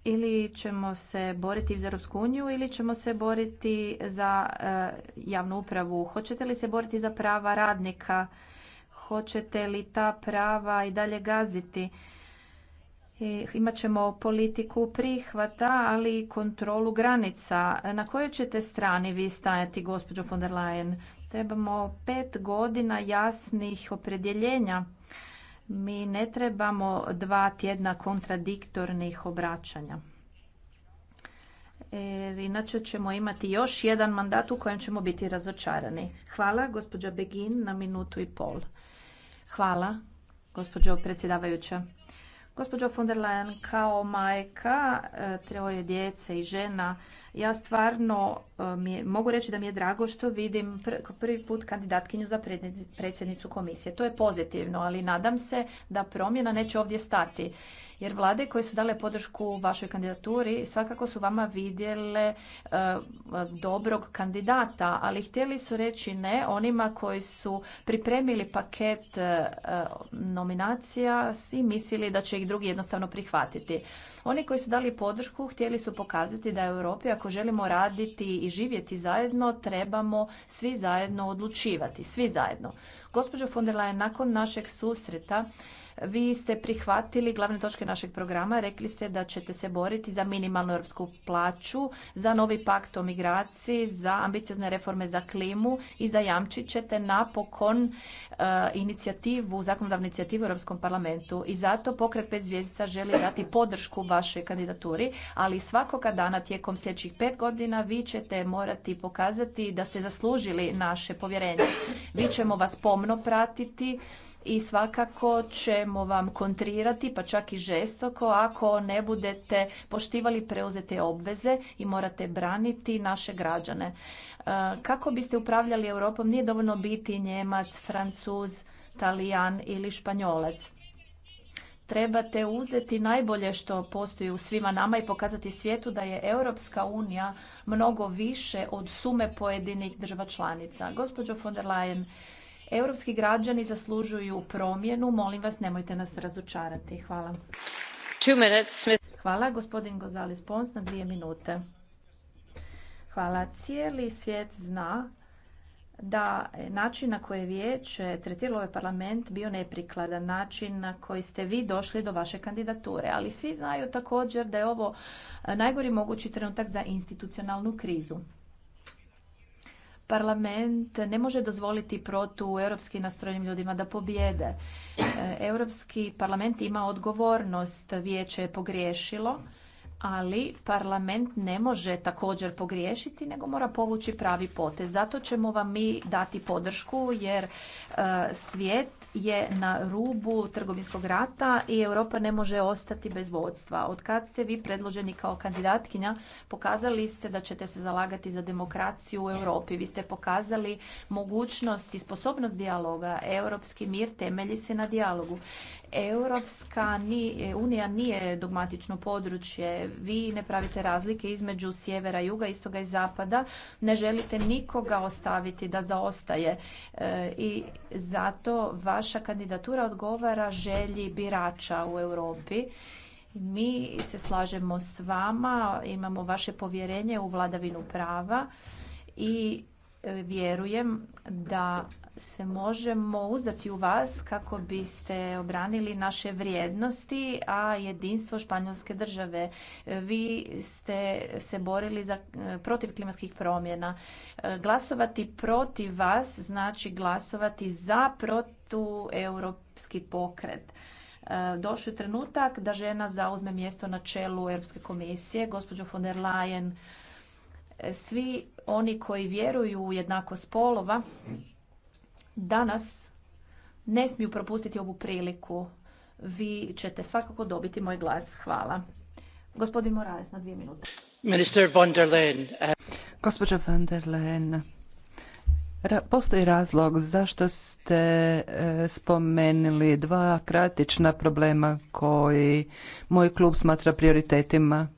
Ili ćemo se boriti za Europsku uniju ili ćemo se boriti za e, javnu upravu? Hoćete li se boriti za prava radnika? hoćete li ta prava i dalje gaziti. imat ćemo politiku prihvata, ali i kontrolu granica. Na kojoj ćete strani vi stajati, gospođo von der Leyen? Trebamo pet godina jasnih opredjeljenja. Mi ne trebamo dva tjedna kontradiktornih obraćanja. inače ćemo imati još jedan mandat u kojem ćemo biti razočarani. Hvala, gospođa Begin, na minutu i pol. Hvala, gospođo predsjedavajuća. Gospođo von der Leyen, kao majka e, troje djece i žena, ja stvarno e, mogu reći da mi je drago što vidim prvi put kandidatkinju za predsjednicu komisije. To je pozitivno, ali nadam se da promjena neće ovdje stati jer vlade koje su dale podršku vašoj kandidaturi svakako su vama vidjele e, dobrog kandidata, ali htjeli su reći ne onima koji su pripremili paket e, nominacija i mislili da će ih drugi jednostavno prihvatiti. Oni koji su dali podršku htjeli su pokazati da u Europi ako želimo raditi i živjeti zajedno trebamo svi zajedno odlučivati, svi zajedno. Gospođo von der Leyen, nakon našeg susreta vi ste prihvatili glavne točke našeg programa, rekli ste da ćete se boriti za minimalnu europsku plaću, za novi pakt o migraciji, za ambiciozne reforme za klimu i zajamčit ćete napokon eh, inicijativu, zakonodavnu inicijativu u Europskom parlamentu. I zato pokret pet zvijezdica želi dati podršku vašoj kandidaturi, ali svakoga dana tijekom sljedećih pet godina vi ćete morati pokazati da ste zaslužili naše povjerenje. Vi ćemo vas pomno pratiti i svakako ćemo vam kontrirati pa čak i žestoko ako ne budete poštivali preuzete obveze i morate braniti naše građane. E, kako biste upravljali Europom nije dovoljno biti Njemac, Francuz, Talijan ili Španjolac trebate uzeti najbolje što postoji u svima nama i pokazati svijetu da je Europska unija mnogo više od sume pojedinih država članica. Gospođo von der Leyen, Europski građani zaslužuju promjenu. Molim vas, nemojte nas razočarati. Hvala. Hvala, gospodin Gozales Pons na dvije minute. Hvala. Cijeli svijet zna da način na koji je vijeće tretiralo ovaj parlament bio neprikladan način na koji ste vi došli do vaše kandidature. Ali svi znaju također da je ovo najgori mogući trenutak za institucionalnu krizu parlament ne može dozvoliti protu europski nastrojenim ljudima da pobjede. E, europski parlament ima odgovornost, vijeće je pogriješilo, ali parlament ne može također pogriješiti nego mora povući pravi potez. Zato ćemo vam mi dati podršku jer e, svijet je na rubu trgovinskog rata i Europa ne može ostati bez vodstva. Od kad ste vi predloženi kao kandidatkinja, pokazali ste da ćete se zalagati za demokraciju u Europi. Vi ste pokazali mogućnost i sposobnost dijaloga. Europski mir temelji se na dijalogu. Europska unija nije dogmatično područje. Vi ne pravite razlike između sjevera, juga, istoga i zapada. Ne želite nikoga ostaviti da zaostaje. E, I zato vaša kandidatura odgovara želji birača u Europi. Mi se slažemo s vama, imamo vaše povjerenje u vladavinu prava i e, vjerujem da se možemo uzdati u vas kako biste obranili naše vrijednosti, a jedinstvo španjolske države. Vi ste se borili za, protiv klimatskih promjena. Glasovati protiv vas znači glasovati za protueuropski pokret. Došao je trenutak da žena zauzme mjesto na čelu Europske komisije. Gospođo von der Leyen, svi oni koji vjeruju u jednakost polova, danas ne smiju propustiti ovu priliku. Vi ćete svakako dobiti moj glas. Hvala. Gospodin Morales, na dvije minute. Minister von der Leyen. Eh, von der Leyen, Postoji razlog zašto ste eh, spomenuli dva kratična problema koji moj klub smatra prioritetima.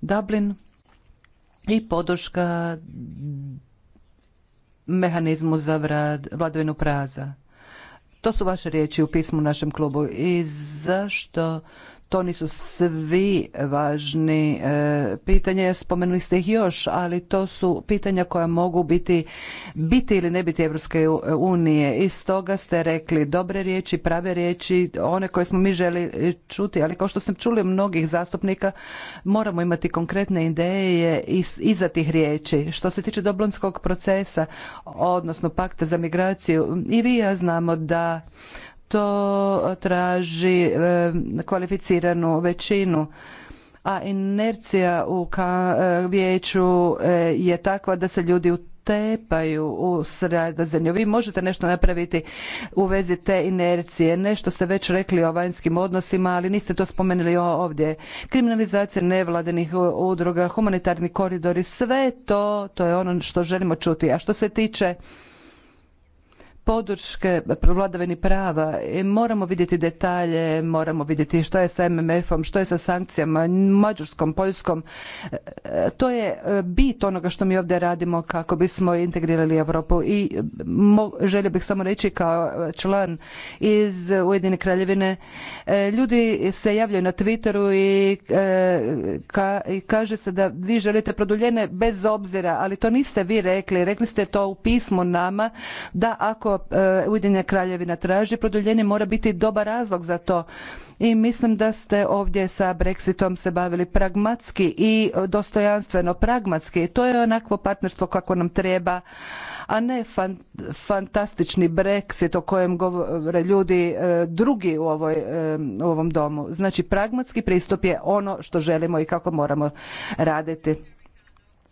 Dublin i podrška mehanizmu za vrad, vladavinu praza. To su vaše riječi u pismu našem klubu i zašto to nisu svi važni e, pitanja, spomenuli ste ih još, ali to su pitanja koja mogu biti biti ili ne biti Evropske unije. I stoga ste rekli dobre riječi, prave riječi, one koje smo mi želi čuti, ali kao što ste čuli mnogih zastupnika, moramo imati konkretne ideje iza tih riječi. Što se tiče doblonskog procesa, odnosno pakta za migraciju, i vi ja znamo da to traži e, kvalificiranu većinu a inercija u e, vijeću e, je takva da se ljudi utepaju u sredozemlju. Vi možete nešto napraviti u vezi te inercije. Nešto ste već rekli o vanjskim odnosima, ali niste to spomenuli ovdje. Kriminalizacija nevladinih udruga, humanitarni koridori, sve to, to je ono što želimo čuti. A što se tiče podrške vladavini prava e, moramo vidjeti detalje, moramo vidjeti što je sa MMF-om, što je sa sankcijama, Mađarskom, Poljskom. E, to je e, bit onoga što mi ovdje radimo kako bismo integrirali Europu i želio bih samo reći kao član iz Ujedine kraljevine ljudi se javljaju na Twitteru i ka, kaže se da vi želite produljene bez obzira, ali to niste vi rekli, rekli ste to u pismu nama da ako što e, Ujedinjena kraljevina traži produljenje mora biti dobar razlog za to i mislim da ste ovdje sa Brexitom se bavili pragmatski i dostojanstveno pragmatski. To je onakvo partnerstvo kako nam treba, a ne fantastični Brexit o kojem govore ljudi e, drugi u, ovoj, e, u ovom domu. Znači pragmatski pristup je ono što želimo i kako moramo raditi.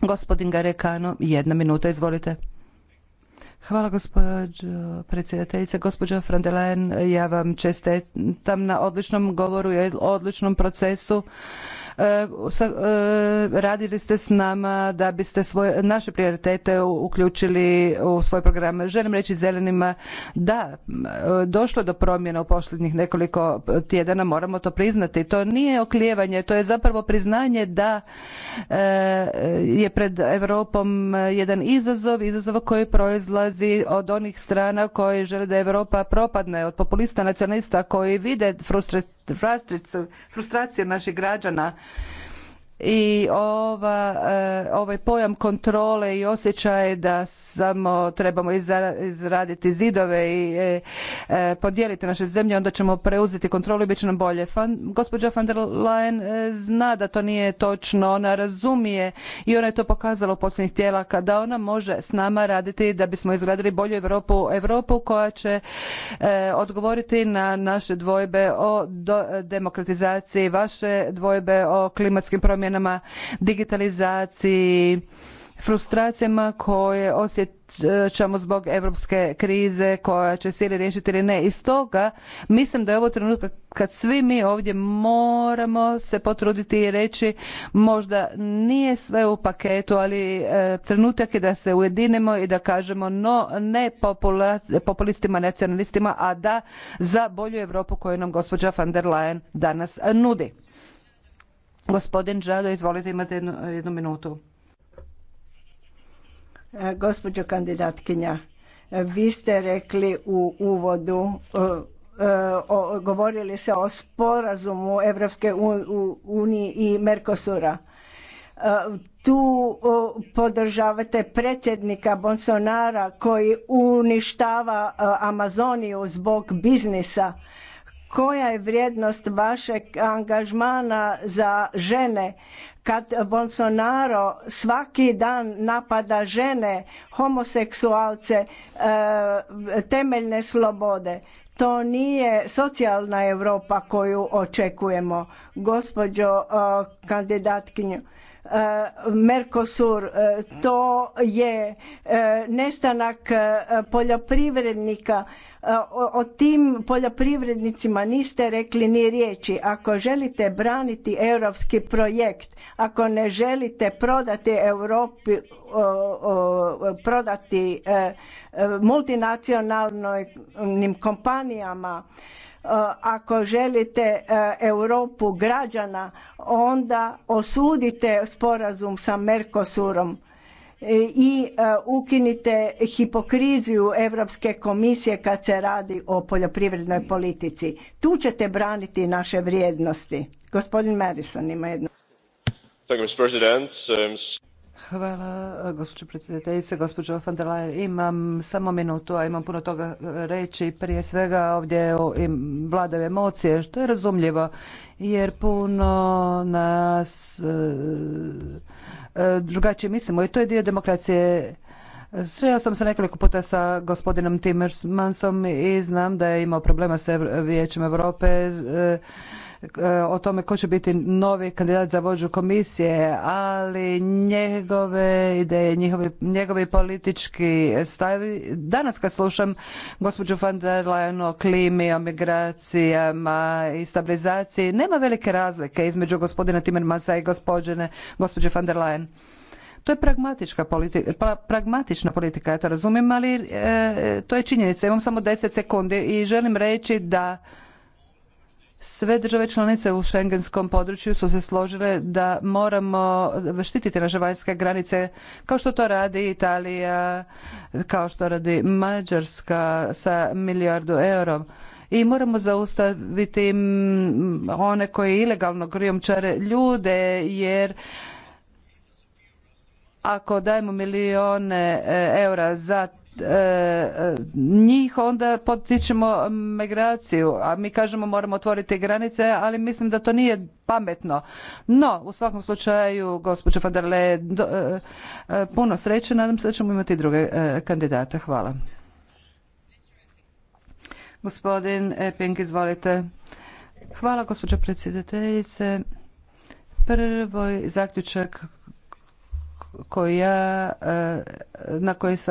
Gospodin Garekano, jedna minuta, izvolite. Hvala gospođo predsjedateljice. Gospođo Leyen, ja vam čestitam na odličnom govoru i odličnom procesu. E, e, radili ste s nama da biste svoje, naše prioritete uključili u svoj program. Želim reći zelenima da e, došlo do promjena u posljednjih nekoliko tjedana, moramo to priznati. To nije oklijevanje, to je zapravo priznanje da je pred Europom jedan izazov, izazov koji proizlazi dolazi od onih strana koji žele da Europa propadne, od populista nacionalista koji vide frustraciju naših građana i ova, e, ovaj pojam kontrole i osjećaj da samo trebamo izraditi zidove i e, e, podijeliti naše zemlje, onda ćemo preuzeti kontrolu i bit će nam bolje. Fan, gospođa van der Leyen zna da to nije točno, ona razumije i ona je to pokazala u posljednjih tijela kada ona može s nama raditi da bismo izgradili bolju Europu, Europu koja će odgovoriti na naše dvojbe o demokratizaciji, vaše dvojbe o klimatskim promjenama promjenama, digitalizaciji, frustracijama koje osjećamo zbog europske krize koja će ili riješiti ili ne. I stoga mislim da je ovo trenutak kad svi mi ovdje moramo se potruditi i reći možda nije sve u paketu, ali e, trenutak je da se ujedinimo i da kažemo no ne populistima, nacionalistima, a da za bolju Europu koju nam gospođa van der Leyen danas nudi. Gospodin Žado, izvolite, imate jednu, minutu. E, gospođo kandidatkinja, vi ste rekli u uvodu e, e, govorili se o sporazumu Evropske unije i Mercosura. Tu podržavate predsjednika Bolsonara koji uništava Amazoniju zbog biznisa koja je vrijednost vašeg angažmana za žene kad Bolsonaro svaki dan napada žene, homoseksualce, e, temeljne slobode. To nije socijalna Europa koju očekujemo. Gospođo e, kandidatkinju, e, Mercosur, to je nestanak poljoprivrednika, E, o, tim poljoprivrednicima niste rekli ni riječi. Ako želite braniti europski projekt, ako ne želite prodati Europi, prodati e, e, multinacionalnim kompanijama, ako želite Europu građana, onda osudite sporazum sa Mercosurom E, i e, ukinite hipokriziju Europske komisije kad se radi o poljoprivrednoj politici. Tu ćete braniti naše vrijednosti. Gospodin Madison ima jedno. Um, Hvala, gospođo predsjedateljice, gospođo van der Leyen. Imam samo minutu, a imam puno toga reći. Prije svega ovdje vladaju emocije, što je razumljivo, jer puno nas E, drugačije mislimo i to je dio demokracije. Sreo sam se nekoliko puta sa gospodinom Timmermansom i znam da je imao problema sa Vijećem Europe e, E, o tome ko će biti novi kandidat za vođu komisije, ali njegove ideje, njihovi, njegovi politički stavi, danas kad slušam gospođu van der Leyen o klimi, o migracijama i stabilizaciji, nema velike razlike između gospodina Timmermansa i gospođene, gospođe van der Leyen. To je pragmatička politika, pragmatična politika, ja to razumijem, ali e, to je činjenica. Imam samo 10 sekundi i želim reći da sve države članice u šengenskom području su se složile da moramo štititi naše vanjske granice kao što to radi Italija, kao što radi Mađarska sa milijardu eurom i moramo zaustaviti one koji ilegalno krijumčare ljude jer ako dajemo milijone e, eura za njih onda potičemo migraciju, a mi kažemo moramo otvoriti granice, ali mislim da to nije pametno. No, u svakom slučaju, gospođo Fadarle, e, e, puno sreće, nadam se da ćemo imati druge e, kandidate. Hvala. Gospodin penk izvolite. Hvala, gospođo predsjedateljice. Prvo zaključak koji na koji sam